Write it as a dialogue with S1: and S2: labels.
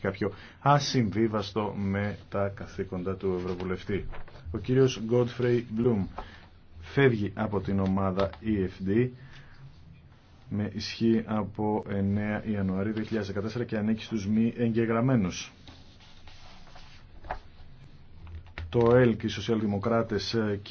S1: κάποιο ασυμβίβαστο με τα καθήκοντα του Ευρωβουλευτή. Ο κύριος Godfrey Bloom φεύγει από την ομάδα EFD με ισχύ από 9 Ιανουαρίου 2014 και ανήκει στους μη εγγεγραμμένους. Το ΕΛΚ, οι Σοσιαλδημοκράτες
S2: και